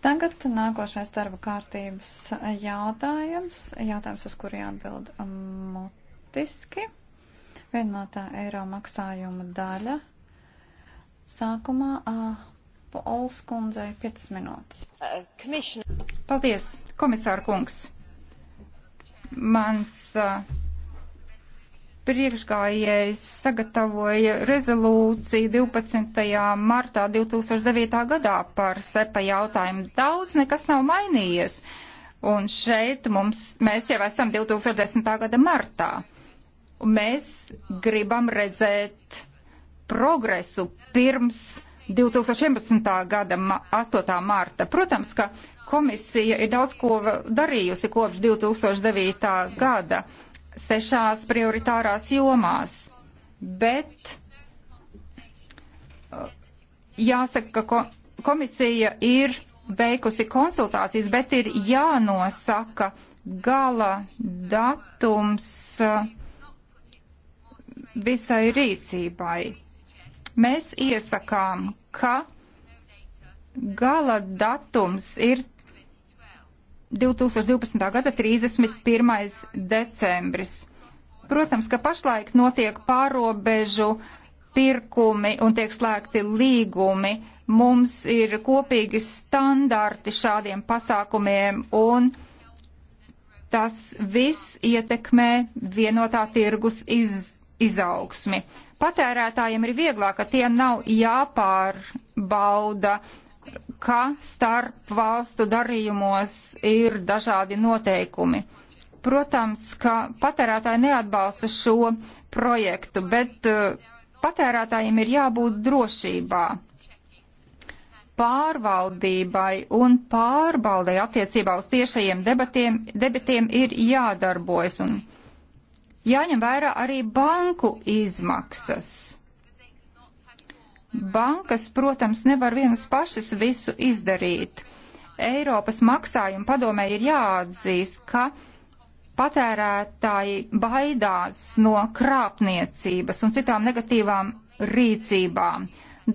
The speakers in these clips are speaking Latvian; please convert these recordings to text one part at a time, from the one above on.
Tagad nākošais darba kārtības jautājums, jautājums, uz kuru jāatbild um, mutiski. Vienotā eiro maksājuma daļa. Sākumā uh, Olskundzei 5 minūtes. Uh, Paldies, komisāra kungs. Mans uh, priekšgājējs sagatavoja rezolūciju 12. martā 2009. gadā par sepa jautājumu. Daudz nekas nav mainījies. Un šeit mums, mēs jau esam 2010. gada martā. Un mēs gribam redzēt progresu pirms 2011. gada 8. marta. Protams, ka komisija ir daudz ko darījusi kopš 2009. gada sešās prioritārās jomās, bet uh, jāsaka, ka komisija ir veikusi konsultācijas, bet ir jānosaka gala datums uh, visai rīcībai. Mēs iesakām, ka gala datums ir 2012. gada 31. decembris. Protams, ka pašlaik notiek pārobežu pirkumi un tiek slēgti līgumi. Mums ir kopīgi standarti šādiem pasākumiem un tas viss ietekmē vienotā tirgus iz, izaugsmi. Patērētājiem ir vieglāk, ka tiem nav jāpārbauda ka starp valstu darījumos ir dažādi noteikumi. Protams, ka patērētāji neatbalsta šo projektu, bet eh, patērētājiem ir jābūt drošībā pārvaldībai un pārbaudai attiecībā uz tiešajiem debatiem, debatiem ir jādarbojas un jāņem vērā arī banku izmaksas. Bankas, protams, nevar vienas pašas visu izdarīt. Eiropas maksājuma padomē ir jāatzīst, ka patērētāji baidās no krāpniecības un citām negatīvām rīcībām.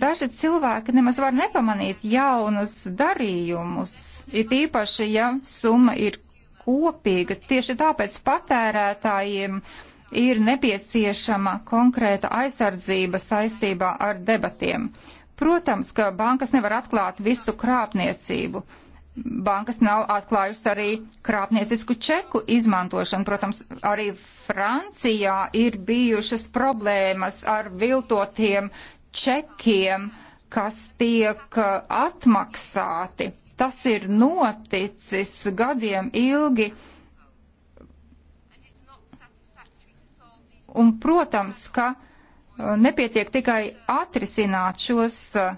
Daži cilvēki nemaz var nepamanīt jaunus darījumus, ir īpaši, ja summa ir kopīga. Tieši tāpēc patērētājiem uh, ir nepieciešama konkrēta aizsardzība saistībā ar debatiem. Protams, ka bankas nevar atklāt visu krāpniecību. Bankas nav atklājusi arī krāpniecisku čeku izmantošanu. Protams, arī Francijā ir bijušas problēmas ar viltotiem čekiem, kas tiek uh, atmaksāti. Tas ir noticis gadiem ilgi Un, protams, ka uh, nepietiek tikai atrisināt šos, uh,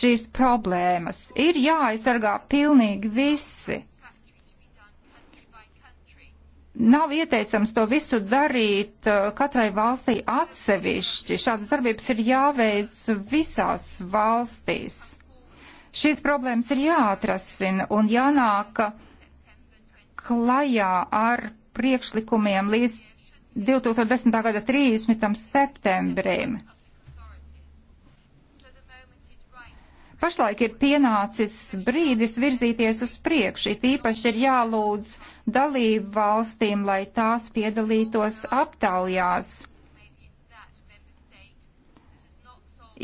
šīs problēmas. Ir jāaizsargā pilnīgi visi. Nav ieteicams to visu darīt uh, katrai valstī atsevišķi. Šādas darbības ir jāveic visās valstīs. Šīs problēmas ir jāatrasina un jānāk klajā ar priekšlikumiem līdz 2010. gada 30. septembrim. Pašlaik ir pienācis brīdis virzīties uz priekšu, it īpaši ir jālūdz dalību valstīm, lai tās piedalītos aptaujās.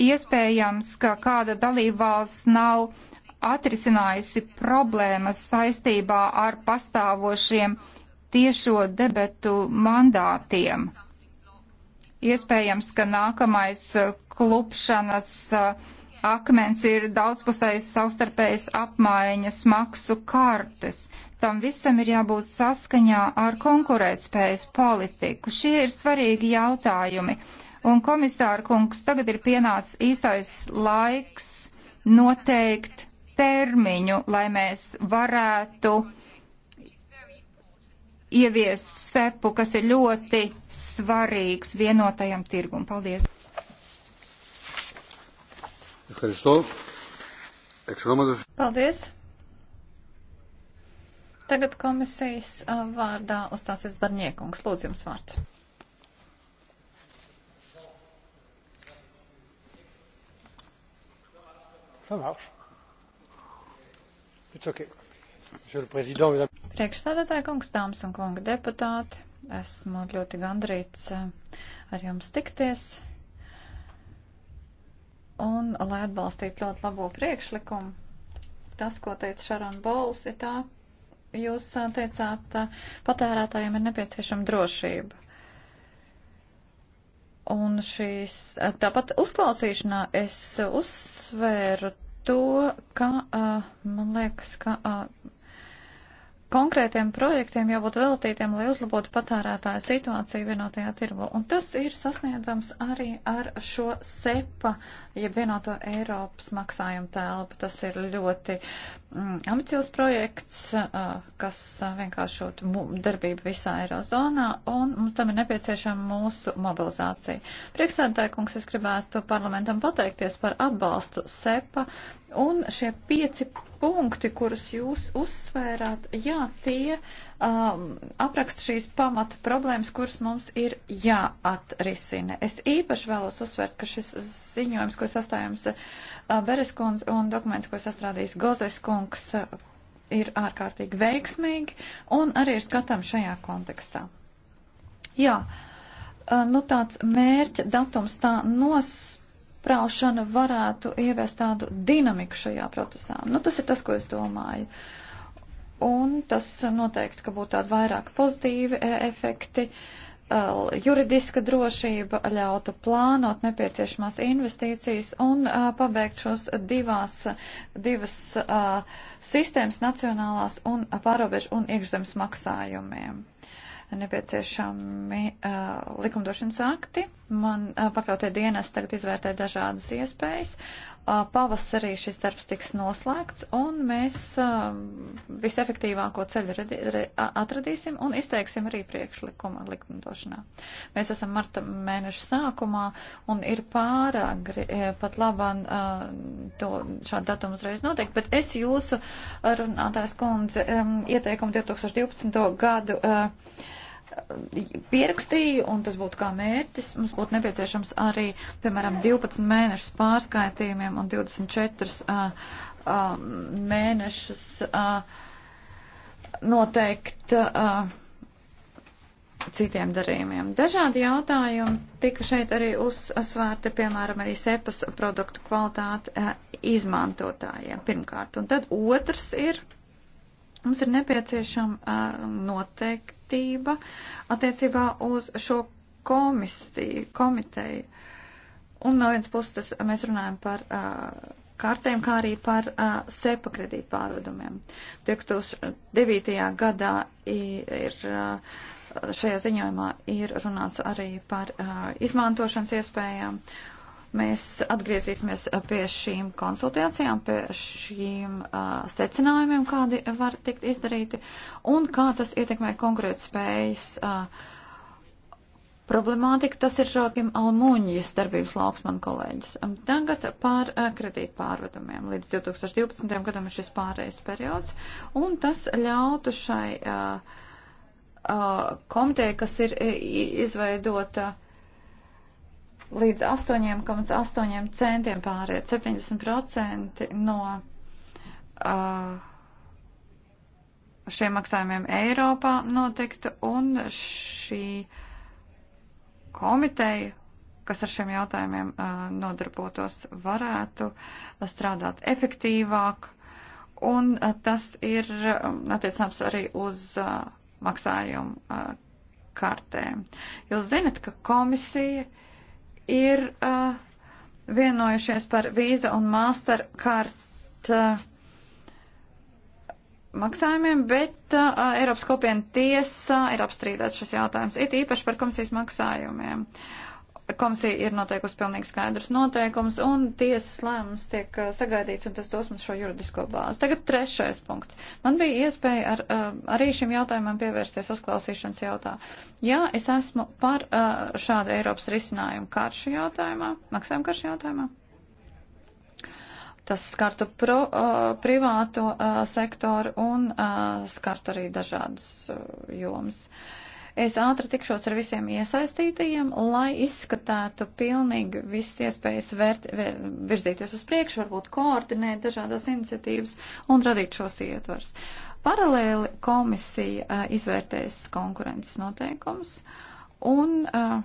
Iespējams, ka kāda dalība valsts nav atrisinājusi problēmas saistībā ar pastāvošiem uh, tiešo debetu mandātiem. Iespējams, ka nākamais uh, klupšanas uh, akmens ir daudzpusējas savstarpējas apmaiņas maksu kartes. Tam visam ir jābūt saskaņā ar konkurētspējas politiku. Šie ir svarīgi jautājumi. Un komisāra kungs, tagad ir pienācis īstais laiks noteikt termiņu, lai mēs varētu ieviest sepu, kas ir ļoti svarīgs vienotajam tirgum. Paldies! Paldies! Tagad komisijas vārdā uzstāsies Barņiekungs. Lūdzu, jums vārds. Ça marche. It's okay. Priekšsēdētāji kungs, dāmas un kungi deputāti, esmu ļoti gandrīts eh, ar jums tikties. Un, lai atbalstītu ļoti labo priekšlikumu, tas, ko teica Šarona Bols, ir tā, jūs eh, teicāt, eh, patērētājiem ir nepieciešama drošība. Un šīs, tāpat uzklausīšanā es uzsvēru to, ka, man liekas, ka konkrētiem projektiem jābūt veltītiem, lai uzlabotu patērētāju situāciju vienotajā tirgu. Un tas ir sasniedzams arī ar šo SEPA, jeb vienoto Eiropas maksājumu telpu. Tas ir ļoti mm, ambiciozs projekts, uh, kas vienkāršot darbību visā Eirozonā, un mums tam ir nepieciešama mūsu mobilizācija. Priekšsēdētāji, kungs, es gribētu parlamentam pateikties par atbalstu SEPA, un šie pieci punkti, kurus jūs uzsvērāt, jā, tie um, apraksta šīs pamata problēmas, kuras mums ir jāatrisina. Es īpaši vēlos uzsvērt, ka šis ziņojums, ko sastājums uh, Bereskunds un dokuments, ko sastrādījis Gozeskungs, uh, ir ārkārtīgi veiksmīgi un arī ir skatām šajā kontekstā. Jā, uh, nu tāds mērķa datums tā nos prāšana varētu ievest tādu dinamiku šajā procesā. Nu, tas ir tas, ko es domāju. Un tas noteikti, ka būtu tādi vairāk pozitīvi e, efekti. Juridiska drošība ļautu plānot nepieciešamās investīcijas un uh, pabeigt šos divās, divas uh, sistēmas nacionālās un pārobežu un iekšzemes maksājumiem. Uh, nepieciešami uh, likumdošanas akti. Man uh, pakautie dienas tagad izvērtē dažādas iespējas. Uh, pavasarī šis darbs tiks noslēgts un mēs uh, visefektīvāko ceļu redi, re, atradīsim un izteiksim arī priekšlikumu likumdošanā. Mēs esam marta mēneša sākumā un ir pārāk pat labāk uh, to šādu datumu uzreiz noteikt, bet es jūsu runātājs kundze um, ieteikumu 2012. gadu. Uh, pierakstīju, un tas būtu kā mērķis, mums būtu nepieciešams arī, piemēram, 12 mēnešus pārskaitījumiem un 24 uh, uh, mēnešus uh, noteikt uh, citiem darījumiem. Dažādi jautājumi tika šeit arī uzsvērti, piemēram, arī sepas produktu kvalitāte uh, izmantotājiem pirmkārt. Un tad otrs ir, mums ir nepieciešama uh, noteikti kārtība attiecībā uz šo komisiju, komiteju. Un no vienas puses tas, mēs runājam par uh, kartēm, kā arī par uh, sepa kredītu pārvedumiem. 2009. gadā ir uh, šajā ziņojumā ir runāts arī par uh, izmantošanas iespējām. Uh, Mēs atgriezīsimies pie šīm konsultācijām, pie šīm uh, secinājumiem, kādi var tikt izdarīti un kā tas ietekmē konkrētas spējas. Uh, problemātika tas ir Žokim Almuņģis darbības lauks, man kolēģis. Tagad par uh, kredītu pārvedumiem. Līdz 2012. gadam ir šis pārējais periods un tas ļautu šai uh, uh, komitejai, kas ir izveidota līdz 8,8 centiem pāriet. 70% no uh, šiem maksājumiem Eiropā notiktu un šī komiteja kas ar šiem jautājumiem nodarbotos, varētu strādāt efektīvāk. Un tas ir attiecams arī uz maksājumu kartēm. Jūs zinat, ka komisija ir uh, vienojušies par vīza un masterkart uh, maksājumiem, bet uh, Eiropas kopiena tiesā ir apstrīdēts šis jautājums, it īpaši par komisijas maksājumiem. Uh, Komisija ir noteikusi pilnīgi skaidrs noteikums, un tiesas lēmums tiek uh, sagaidīts, un tas dos mums šo juridisko bāzi. Tagad trešais punkts. Man bija iespēja ar, uh, arī šim jautājumam pievērsties uzklausīšanas jautā. Jā, es esmu par uh, šādu Eiropas risinājumu karšu jautājumā, maksājumu karšu jautājumā. Tas skartu pro, uh, privāto uh, sektoru un uh, skartu arī dažādas uh, jomas. Uh, Es ātri tikšos ar visiem iesaistītajiem, lai izskatētu pilnīgi visas iespējas vērt, vēr, virzīties uz priekšu, varbūt koordinēt dažādas iniciatīvas un radīt šos ietvars. Paralēli komisija uh, izvērtēs konkurences noteikumus un uh,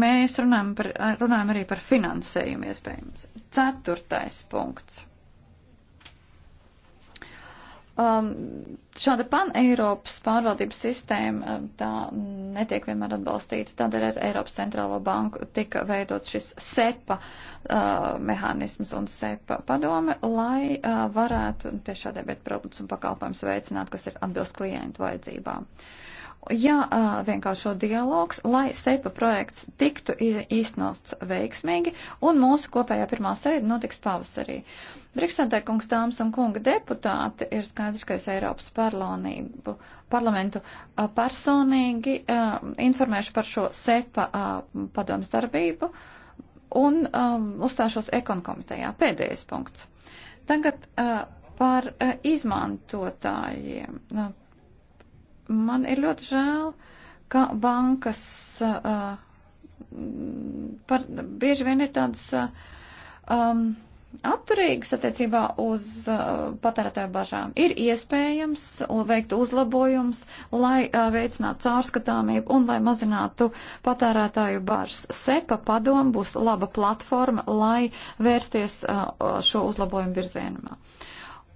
mēs runājam, par, runājam arī par finansējumu iespējams. Ceturtais punkts Um, šāda pan-Eiropas pārvaldības sistēma um, tā netiek vienmēr atbalstīta. Tādēļ ar Eiropas centrālo banku tika veidots šis SEPA uh, mehānisms un SEPA padome, lai uh, varētu tiešā debēt produktus un pakalpojumus veicināt, kas ir atbilst klientu vajadzībām. Uh, Jā, vienkāršo dialogs, lai SEPA projekts tiktu īstenots veiksmīgi, un mūsu kopējā pirmā sēde notiks pavasarī. Priekšsēdētāji kungs, dāmas un kunga deputāti ir skaidrs, ka es Eiropas parlamentu personīgi informēšu par šo SEPA padomas darbību un uzstāšos ekonkomitejā. Pēdējais punkts. Tagad par izmantotājiem nu, Man ir ļoti žēl, ka bankas uh, par, bieži vien ir tādas uh, um, atturīgas attiecībā uz uh, patērētāju bažām. Ir iespējams veikt uzlabojums, lai uh, veicinātu caurskatāmību un lai mazinātu patērētāju bažas. SEPA padoma būs laba platforma, lai vērsties uh, šo uzlabojumu virzienumā. Uh,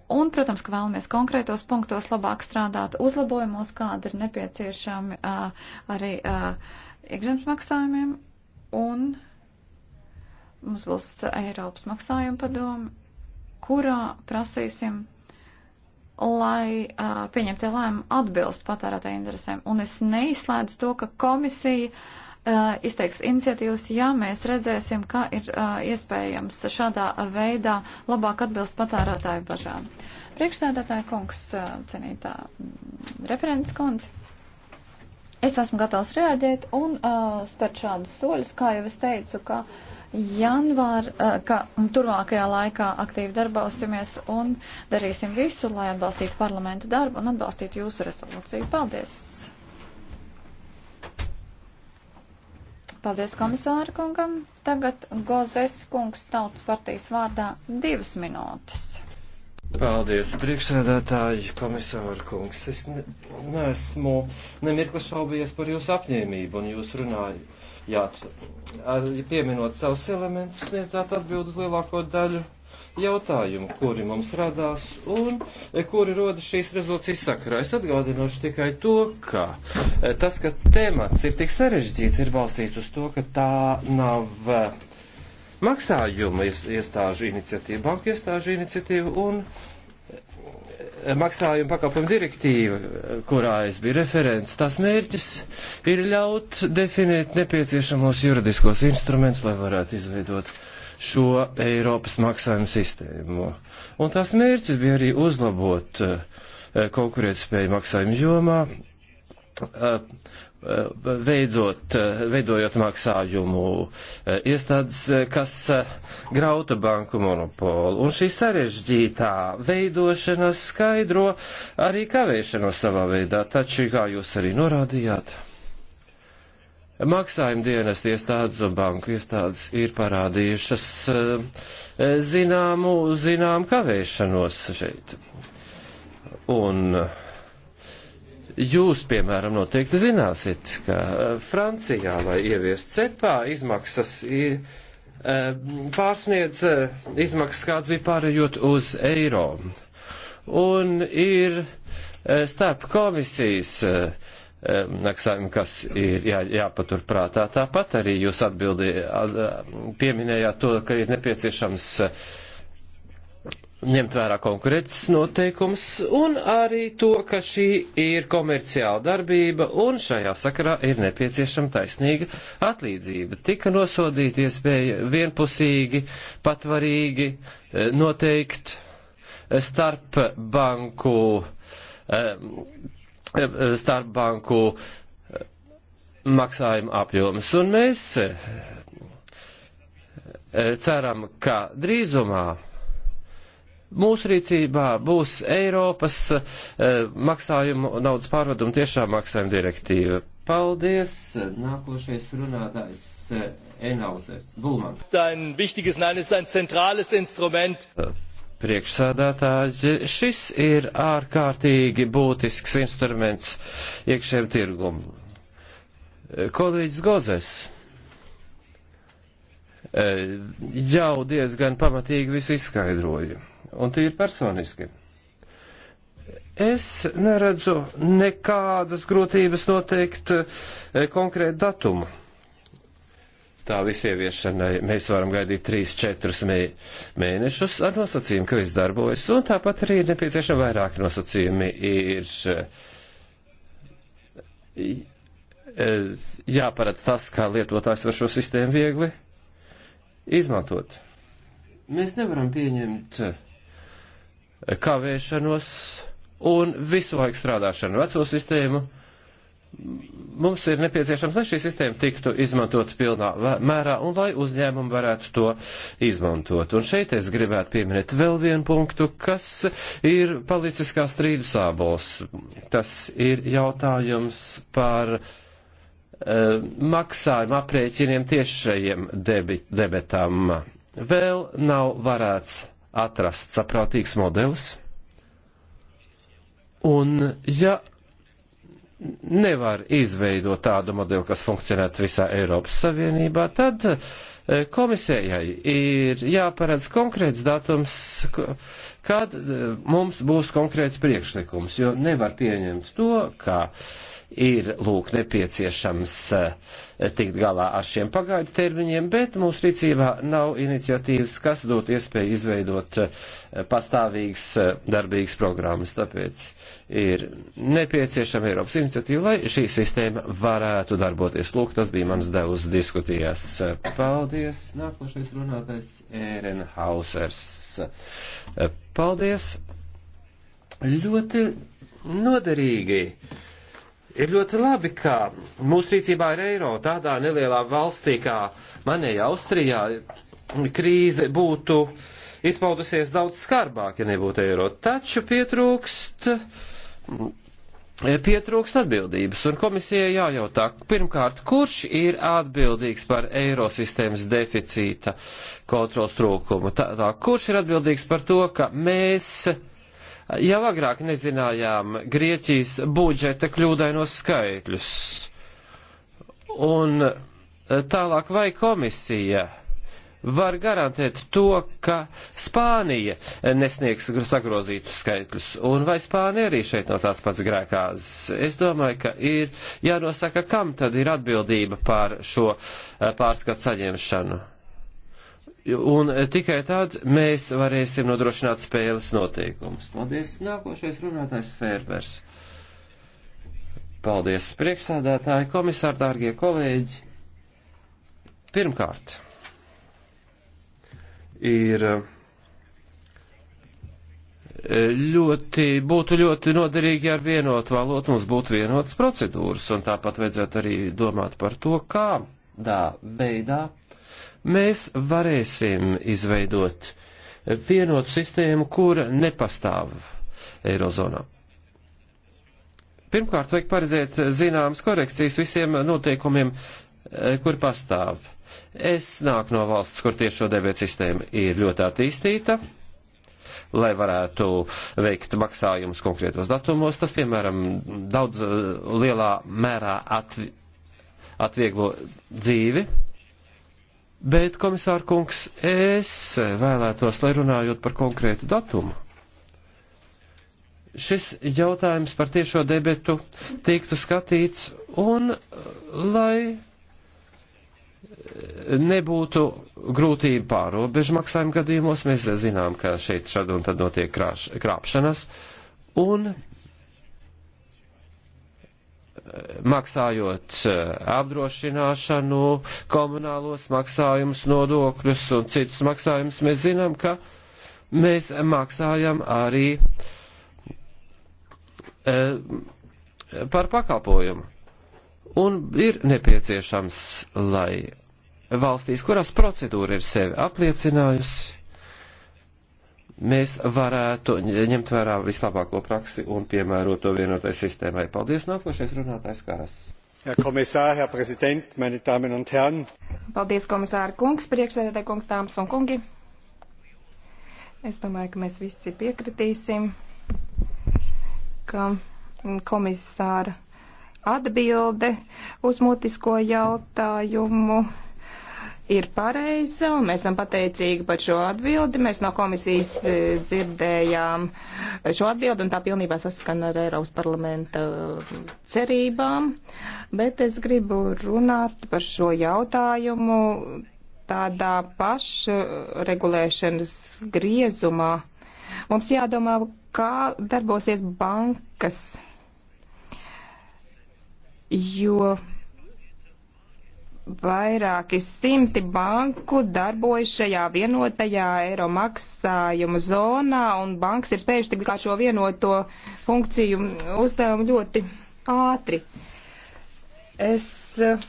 Un, protams, ka vēlamies konkrētos punktos labāk strādāt, uzlabojumos, kāda ir nepieciešami uh, arī uh, iekšzemes maksājumiem. Un mums būs Eiropas maksājuma padome, kurā prasīsim, lai uh, pieņemtie lēmumi atbilst patērētāju interesēm. Un es neizslēdzu to, ka komisija. Uh, Uh, izteiks iniciatīvas, ja mēs redzēsim, ka ir uh, iespējams šādā veidā labāk atbilst patērētāju bažām. Priekšsēdētāja kungs, uh, cenītā mm, referents kundze, es esmu gatavs reaģēt un uh, spērt šādus soļus, kā jau es teicu, ka janvāra, uh, ka turvākajā laikā aktīvi darbosimies un darīsim visu, lai atbalstītu parlamenta darbu un atbalstītu jūsu rezolūciju. Paldies! Paldies komisāra kungam. Tagad Gozes kungs tautas partijas vārdā divas minūtes. Paldies, priekšsēdētāji, komisāra kungs. Es ne, neesmu nemirkli šaubījies par jūsu apņēmību un jūs runājāt, pieminot savus elementus, sniedzāt atbildus lielāko daļu jautājumu, kuri mums radās un e, kuri rodas šīs rezolūcijas sakarā. Es atgādināšu tikai to, ka e, tas, ka temats ir tik sarežģīts, ir balstīts uz to, ka tā nav e, maksājuma iestāžu iniciatīva, banka iestāžu iniciatīva un maksājuma pakalpojumu direktīva, kurā es biju referents, tās mērķis ir ļaut definēt nepieciešamos juridiskos instrumentus, lai varētu izveidot uh, šo Eiropas maksājumu sistēmu. Un tās mērķis bija arī uzlabot eh, konkurētspēju maksājumu jomā, eh, eh, veidot, veidojot maksājumu iestādes, kas grauta banku monopolu. Un šī sarežģītā veidošana skaidro arī kavēšanos savā veidā, taču, kā jūs arī norādījāt, Maksājuma dienas iestādes un banku iestādes ir parādījušas eh, zināmu, zinām kavēšanos šeit. Un jūs, piemēram, noteikti zināsiet, ka eh, Francijā, lai ieviest cepā, izmaksas ir eh, pārsniedz izmaksas, kāds bija pārējot uz eiro. Un ir starp komisijas uh, maksājumi, kas ir jā, jāpatur prātā. Tāpat arī jūs atbildi, pieminējāt to, ka ir nepieciešams eh, ņemt vērā konkurences noteikums un arī to, ka šī ir komerciāla darbība un šajā sakarā ir nepieciešama taisnīga atlīdzība. Tika nosodīta iespēja vienpusīgi, patvarīgi eh, noteikt eh, starp banku starpbanku eh, maksājuma apjoms. Un mēs eh, eh, ceram, ka drīzumā mūsu rīcībā būs Eiropas maksājumu naudas pārvadumu tiešām maksājuma direktīva. Paldies! Nākošais runātājs. Enhauses. Bulmans. Ein wichtiges, nein, es ist ein zentrales Instrument. Uh priekšsēdētāji, šis ir ārkārtīgi būtisks instruments iekšējiem tirgumu. Kolēģis Gozes e, jau diezgan pamatīgi visu izskaidroja, un tie ir personiski. Es neredzu nekādas grūtības noteikt e, konkrētu datumu tā visieviešana, mēs varam gaidīt 3-4 mē, mēnešus ar nosacījumu, ka viss darbojas, un tāpat arī ir nepieciešami vairāki nosacījumi. Ir eh, eh, jāparedz tas, kā lietotājs var šo sistēmu viegli izmantot. Mēs nevaram pieņemt eh, kavēšanos un visu laiku strādāšanu veco sistēmu mums ir nepieciešams, lai šī sistēma tiktu izmantot pilnā mērā un lai uzņēmumi varētu to izmantot. Un šeit es gribētu pieminēt vēl vienu punktu, kas ir palicis kā strīdu sābols. Tas ir jautājums par uh, maksājumu aprēķiniem tiešajiem debetam. Vēl nav varēts atrast saprātīgs modelis. Un ja nevar izveidot tādu modeli, kas funkcionētu visā Eiropas Savienībā, tad uh, Eh, komisējai ir jāparedz konkrēts datums, kad eh, mums būs konkrēts priekšlikums, jo nevar pieņemt to, ka ir lūk nepieciešams eh, tikt galā ar šiem pagaidu termiņiem, bet mūsu rīcībā nav iniciatīvas, kas dot iespēju izveidot pastāvīgas darbīgas programmas. Tāpēc ir nepieciešama Eiropas iniciatīva, lai šī sistēma varētu darboties. Lūk, tas bija mans devus diskutijās. Paldies! Paldies. Nākošais runātais Ērenhausers. Paldies. Ļoti noderīgi. Ir ļoti labi, ka mūsu rīcībā ir eiro tādā nelielā valstī kā manējā Austrijā. Krīze būtu izpaudusies daudz skarbāk, ja nebūtu eiro. Taču pietrūkst E, pietrūkst atbildības, un komisijai jājautā, pirmkārt, kurš ir atbildīgs par eirosistēmas deficīta kontrols trūkumu? Tā, tā, kurš ir atbildīgs par to, ka mēs jau agrāk nezinājām Grieķijas budžeta kļūdainos skaitļus? Un e, tālāk vai komisija var garantēt to, ka Spānija nesniegs sagrozītus skaitļus, un vai Spānija arī šeit nav tāds pats grēkās. Es domāju, ka ir jānosaka, kam tad ir atbildība pār šo eh, pārskatu saņemšanu. Un eh, tikai tāds mēs varēsim nodrošināt spēles noteikumus. Paldies, nākošais runātājs Fērbers. Paldies, priekšsādātāji, komisāri, dārgie kolēģi. Pirmkārt ir eh, ļoti, būtu ļoti noderīgi ar vienotu valotu, mums būtu vienotas procedūras, un tāpat vajadzētu arī domāt par to, kādā veidā mēs varēsim izveidot vienotu sistēmu, kura nepastāv Eirozonā. Pirmkārt, vajag paredzēt zināmas korekcijas visiem noteikumiem, eh, kur pastāv. Es nāku no valsts, kur tiešo debet sistēma ir ļoti attīstīta, lai varētu veikt maksājumus konkrētos datumos. Tas, piemēram, daudz eh, lielā mērā atvi, atvieglo dzīvi. Bet, komisāra kungs, es vēlētos, lai runājot par konkrētu datumu, šis jautājums par tiešo debetu tiktu skatīts un eh, lai nebūtu grūtību pārobežu maksājumu gadījumos. Mēs zinām, ka šeit šad un tad notiek krāš, krāpšanas. Un e, maksājot e, apdrošināšanu, komunālos maksājumus, nodokļus un citus maksājumus, mēs zinām, ka mēs maksājam arī e, par pakalpojumu. Un ir nepieciešams, lai valstīs, kurās procedūra ir sevi apliecinājusi, mēs varētu ņemt vērā vislabāko praksi un piemērot to vienotai sistēmai. Paldies, nākošais runātājs Kāras. Herr Kommissar, Herr Präsident, meine Damen und Herren. Paldies, komisāra kungs, priekšsēdētāji kungs, dāmas un kungi. Es domāju, ka mēs visi piekritīsim, ka komisāra atbilde uz mutisko jautājumu ir pareiza, un mēs esam pateicīgi par šo atbildi. Mēs no komisijas e, dzirdējām šo atbildi, un tā pilnībā saskana ar Eiropas parlamenta e, cerībām. Bet es gribu runāt par šo jautājumu tādā pašregulēšanas griezumā. Mums jādomā, kā darbosies bankas, jo vairāki simti banku darbojas šajā vienotajā eiro maksājumu zonā, un bankas ir spējuši tik kā šo vienoto funkciju uzdevumu ļoti ātri. Es eh,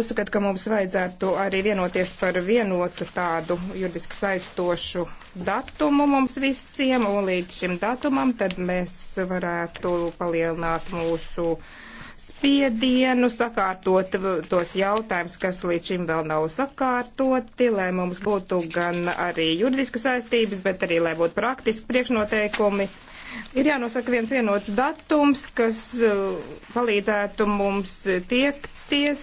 uzskatu, ka mums vajadzētu arī vienoties par vienotu tādu juridiski saistošu datumu mums visiem, un līdz šim datumam tad mēs varētu palielināt mūsu uh, spiedienu, sakārtot tos jautājumus, kas līdz šim vēl nav sakārtoti, lai mums būtu gan arī juridiskas saistības, bet arī, lai būtu praktiski priekšnoteikumi. Ir jānosaka viens vienots datums, kas uh, palīdzētu mums tiekties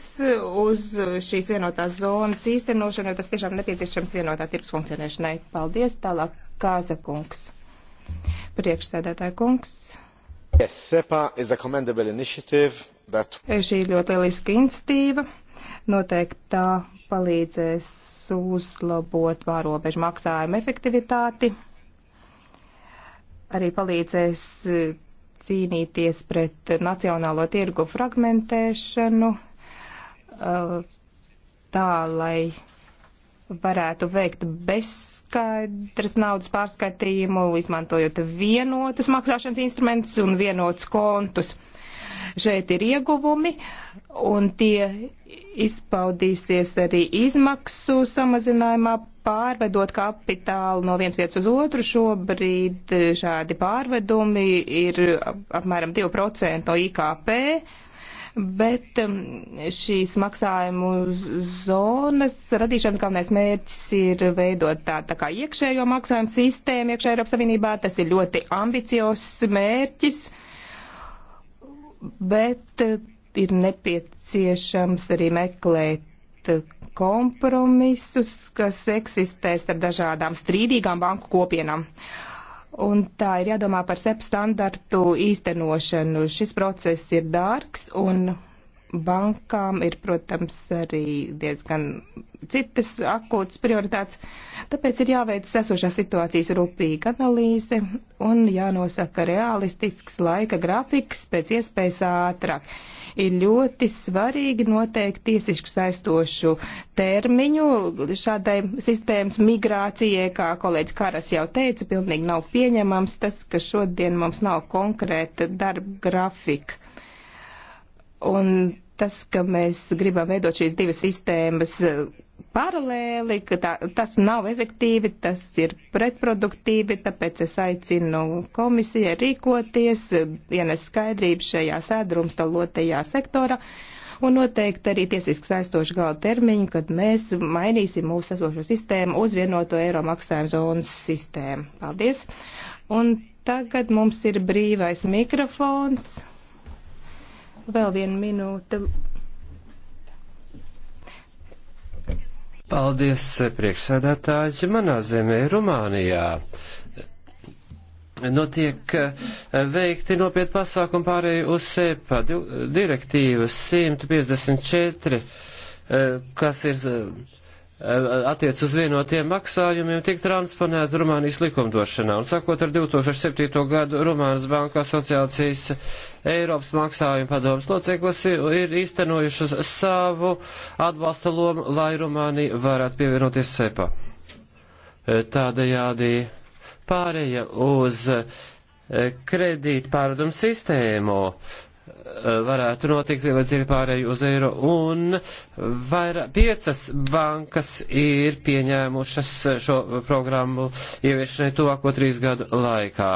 uz šīs vienotās zonas īstenošanu, jo tas tiešām nepieciešams vienotā tirgus funkcionēšanai. Paldies, tālāk Kāza kungs. Priekšsēdētāja kungs. Yes, that... Šī ļoti lieliska iniciatīva noteikti tā palīdzēs uzlabot pārobežu maksājumu efektivitāti, arī palīdzēs eh, cīnīties pret nacionālo tirgu fragmentēšanu, eh, tā lai varētu veikt bez skaidrs naudas pārskaitījumu, izmantojot vienotus maksāšanas instrumentus un vienotus kontus. Šeit ir ieguvumi, un tie izpaudīsies arī izmaksu samazinājumā, pārvedot kapitālu no vienas vietas uz otru. Šobrīd šādi pārvedumi ir apmēram 2% no IKP bet um, šīs maksājumu zonas radīšanas galvenais mērķis ir veidot tā, tā kā iekšējo maksājumu sistēmu iekšējā Eiropas Savienībā. Tas ir ļoti ambiciozs mērķis, bet uh, ir nepieciešams arī meklēt uh, kompromisus, kas eksistēs ar dažādām strīdīgām banku kopienām. Uh, un tā ir jādomā par SEP standartu īstenošanu. Šis process ir dārgs un bankām ir, protams, arī diezgan citas akūtas prioritātes, tāpēc ir jāveic esošās situācijas rūpīga analīze un jānosaka realistisks laika grafiks pēc iespējas ātrāk ir ļoti svarīgi noteikt tiesiski saistošu termiņu šādai sistēmas migrācijai, kā kolēģis Karas jau teica, pilnīgi nav pieņemams tas, ka šodien mums nav konkrēta darba grafika. Un tas, ka mēs gribam veidot šīs divas sistēmas paralēli, ka tā, tas nav efektīvi, tas ir pretproduktīvi, tāpēc es aicinu komisijai rīkoties, ienes skaidrību šajā sēdrumstalotajā sektorā un noteikti arī tiesiski saistošu gala termiņu, kad mēs mainīsim mūsu esošo sistēmu uz vienoto eiro maksājumu zonas sistēmu. Paldies! Un tagad mums ir brīvais mikrofons. Vēl viena minūte. Paldies, priekšsēdētāji. Manā zemē, Rumānijā, notiek nu, eh, veikti nopietni pasākumi pārēju uz SEPA direktīvas 154, eh, kas ir Eh, attiec uz vienotiem maksājumiem, tiek transponēta Rumānijas likumdošanā. Un sakot ar 2007. gadu Rumānas Banka asociācijas Eiropas maksājuma padomas loceklis ir īstenojušas savu atbalsta lomu, lai Rumānija varētu pievienoties SEPA. Eh, tādējādi pārēja uz eh, kredīt pārdomu sistēmu varētu notikt, līdz ir pārēju uz eiro, un vairāk piecas bankas ir pieņēmušas šo programmu ieviešanai tuvāko trīs gadu laikā.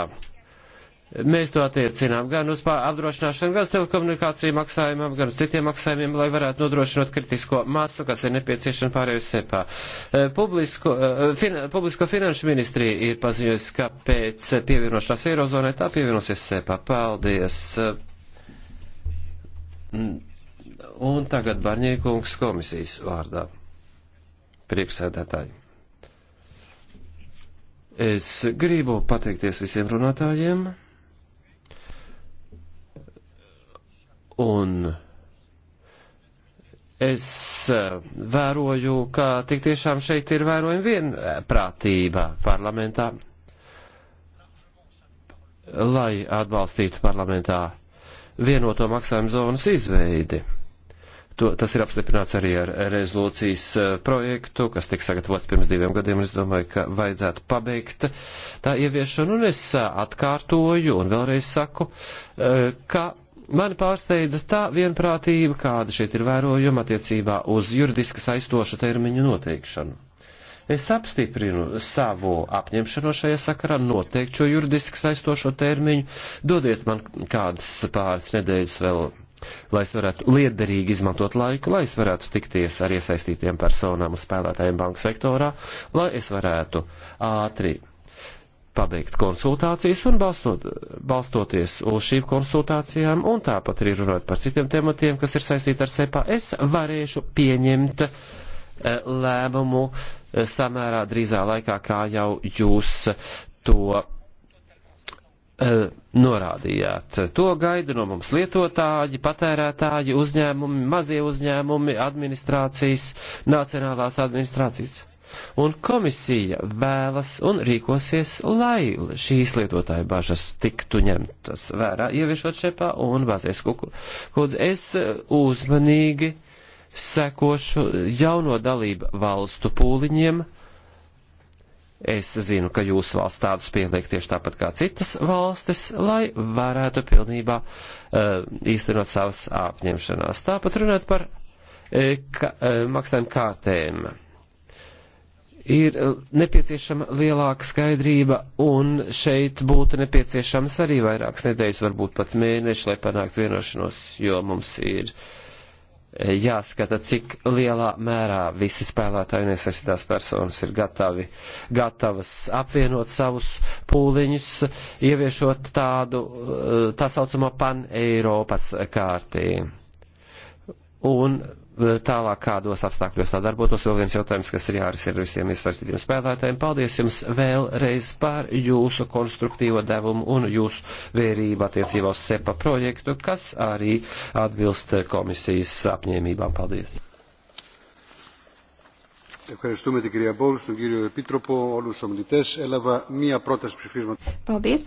Mēs to attiecinām gan uz apdrošināšanu, gan uz telekomunikāciju maksājumiem, gan uz citiem maksājumiem, lai varētu nodrošināt kritisko masu, kas ir nepieciešama pārējus sepā. E, publisko, e, fin, publisko finanšu ministrija ir paziņojusi, ka pēc pievienošanās Eirozonai tā pievienosies sepā. Paldies! Mm. Un tagad Barņiekungs komisijas vārdā. Priekšsēdētāji. Es gribu pateikties visiem runātājiem. Un es eh, vēroju, ka tik tiešām šeit ir vērojama vienprātība parlamentā, lai atbalstītu parlamentā vienoto maksājumu zonas izveidi. To, tas ir apstiprināts arī ar rezolūcijas eh, projektu, kas tika sagatavots pirms diviem gadiem, un es domāju, ka vajadzētu pabeigt tā ieviešanu, un es eh, atkārtoju un vēlreiz saku, eh, ka mani pārsteidza tā vienprātība, kāda šeit ir vērojuma attiecībā uz juridiski saistošu termiņu noteikšanu. Es apstiprinu savu apņemšanos šajā sakarā noteikt šo juridiski saistošo termiņu. Dodiet man kādas pāris nedēļas vēl, lai es varētu liederīgi izmantot laiku, lai es varētu tikties ar iesaistītiem personām un spēlētājiem banku sektorā, lai es varētu ātri pabeigt konsultācijas un balstot, balstoties uz šīm konsultācijām un tāpat arī runāt par citiem tematiem, kas ir saistīti ar SEPA, es varēšu pieņemt uh, lēmumu eh, samērā drīzā laikā, kā jau jūs to eh, norādījāt. To gaida no mums lietotāji, patērētāji, uzņēmumi, mazie uzņēmumi, administrācijas, nacionālās administrācijas. Un komisija vēlas un rīkosies, lai šīs lietotāju bažas tiktu ņemtas vērā, ieviešot šepā un bāzies kuku. Kūdz, es eh, uzmanīgi uh, sekošu jauno dalību valstu pūliņiem. Es zinu, ka jūsu valsts tādus pieliek tieši tāpat kā citas valstis, lai varētu pilnībā uh, īstenot savas apņemšanās. Tāpat runāt par uh, ka, uh, maksājumu kārtēm. Ir nepieciešama lielāka skaidrība, un šeit būtu nepieciešams arī vairākas nedēļas, varbūt pat mēneši, lai panāktu vienošanos, jo mums ir uh, jāskata, cik lielā mērā visi spēlētāji un iesaistītās personas ir gatavi, gatavas apvienot savus pūliņus, ieviešot tādu tā saucamo pan-Eiropas kārtī. Un tālāk kādos apstākļos sadarbotos. Vēl viens jautājums, kas ir jārisina visiem iesaistītiem spēlētājiem. Paldies jums vēlreiz par jūsu konstruktīvo devumu un jūsu vērību attiecībā uz SEPA projektu, kas arī atbilst komisijas apņēmībām. Paldies! Ευχαριστούμε την κυρία Μπόλς, τον κύριο Επίτροπο, όλους τους ομιλητές. Έλαβα μία πρόταση ψηφίσματος. Paldies.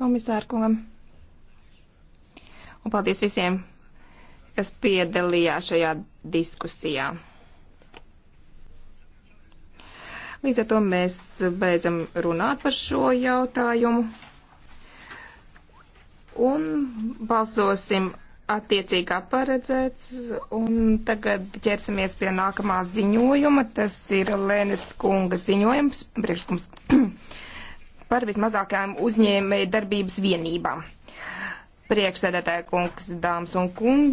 Komisār kungam. Un paldies visiem kas piedalījās šajā diskusijā. Līdz ar to mēs beidzam runāt par šo jautājumu un balsosim attiecīgā paredzēts. Un tagad ķersimies pie nākamā ziņojuma. Tas ir Lēnes kunga ziņojums, priekšlikums par vismazākajām uzņēmēju darbības vienībām. Priekšsēdētāja kungs, dāmas un kungi.